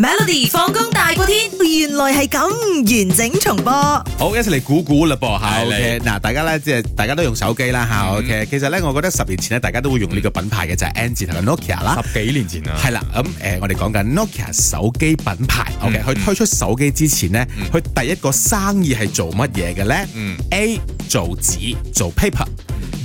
Melody 放工大過天，原來係咁完整重播。好，一齊嚟估估啦，噃吓，嗱，大家咧即係大家都用手機啦，吓、嗯，okay, 其實咧，我覺得十年前咧，大家都會用呢個品牌嘅、嗯、就係 N 字頭嘅 Nokia 啦、嗯。十幾年前啦，係啦，咁、嗯、誒、呃，我哋講緊 Nokia 手機品牌、嗯、，OK，佢推出手機之前咧，佢第一個生意係做乜嘢嘅咧？A 做紙，做 paper。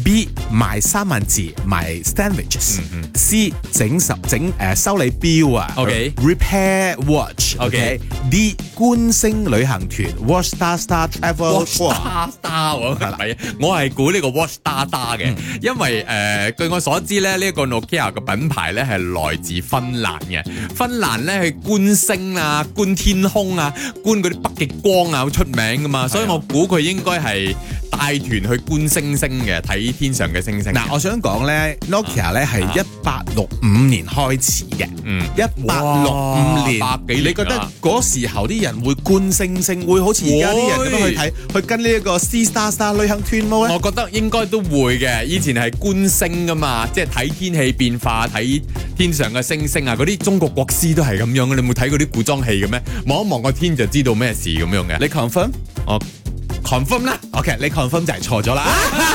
B 賣三文治賣 sandwiches，C 整十整誒修理表啊，OK，repair watch，OK，D 觀星旅行團，Watch Star Star Travel，Watch Star Star，係啊，我係估呢個 Watch Star Star 嘅，因為誒據我所知咧，呢個 Nokia 嘅品牌咧係來自芬蘭嘅，芬蘭咧去觀星啊、觀天空啊、觀嗰啲北極光啊好出名噶嘛，所以我估佢應該係帶團去觀星星嘅睇。天上嘅星星嗱、啊，我想講咧，Nokia 咧係一八六五年開始嘅，嗯，一八六五年，百幾年，你覺得嗰時候啲人會觀星星，會好似而家啲人咁樣去睇，去跟呢一個 Star Star 旅行團冇咧？我覺得應該都會嘅，以前係觀星噶嘛，即係睇天氣變化，睇天上嘅星星啊，嗰啲中國國師都係咁樣嘅。你冇睇過啲古裝戲嘅咩？望一望個天就知道咩事咁樣嘅。你 confirm？我 confirm 啦。OK，你 confirm 就係錯咗啦。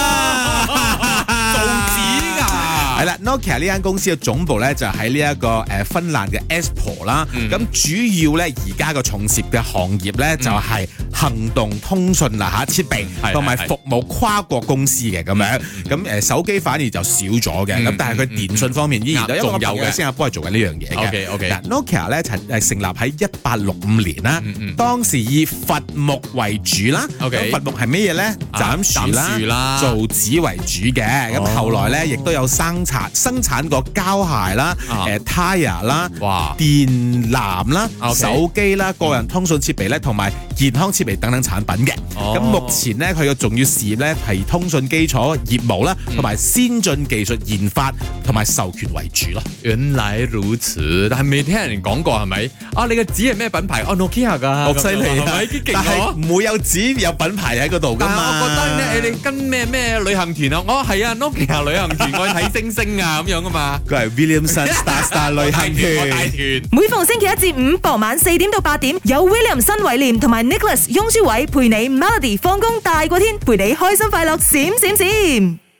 係啦，Nokia 呢間公司嘅總部咧就喺呢一個誒芬蘭嘅 Espoo 啦。咁、嗯、主要咧而家嘅從事嘅行業咧就係、是、行動通訊啦吓設備同埋、嗯、服務跨國公司嘅咁、嗯、樣。咁、嗯、手機反而就少咗嘅。咁、嗯、但係佢電信方面依然都有嘅。嗯嗯、新加坡係做緊呢樣嘢嘅。OK、嗯、OK、嗯嗯。Nokia 咧就成立喺一八六五年啦。嗯嗯。當時以伐木為主啦。OK、嗯。咁伐木係咩嘢咧？斬樹啦，做紙為主嘅。咁、嗯、後來咧亦都有生。生產個膠鞋啦，誒，tyre 啦，哇，電纜啦，手機啦，個人通訊設備咧，同埋健康設備等等產品嘅。咁目前咧，佢個重要事業咧係通訊基礎業務啦，同埋先進技術研發同埋授權為主咯。原來如此，但係未聽人講過係咪？啊，你個紙係咩品牌？哦，Nokia 噶，咁犀利，係咪幾勁咗？但係唔會紙有品牌喺嗰度噶嘛？我覺得咧，你跟咩咩旅行團啊？哦係啊，Nokia 旅行團，我去睇星星。星啊，咁樣噶嘛，佢係 Williamson Star Star 旅行團。每逢星期一至五傍晚四點到八點，有 Williamson 偉廉同埋 Nicholas 雍舒偉陪你 Melody 放工大過天，陪你開心快樂閃閃閃。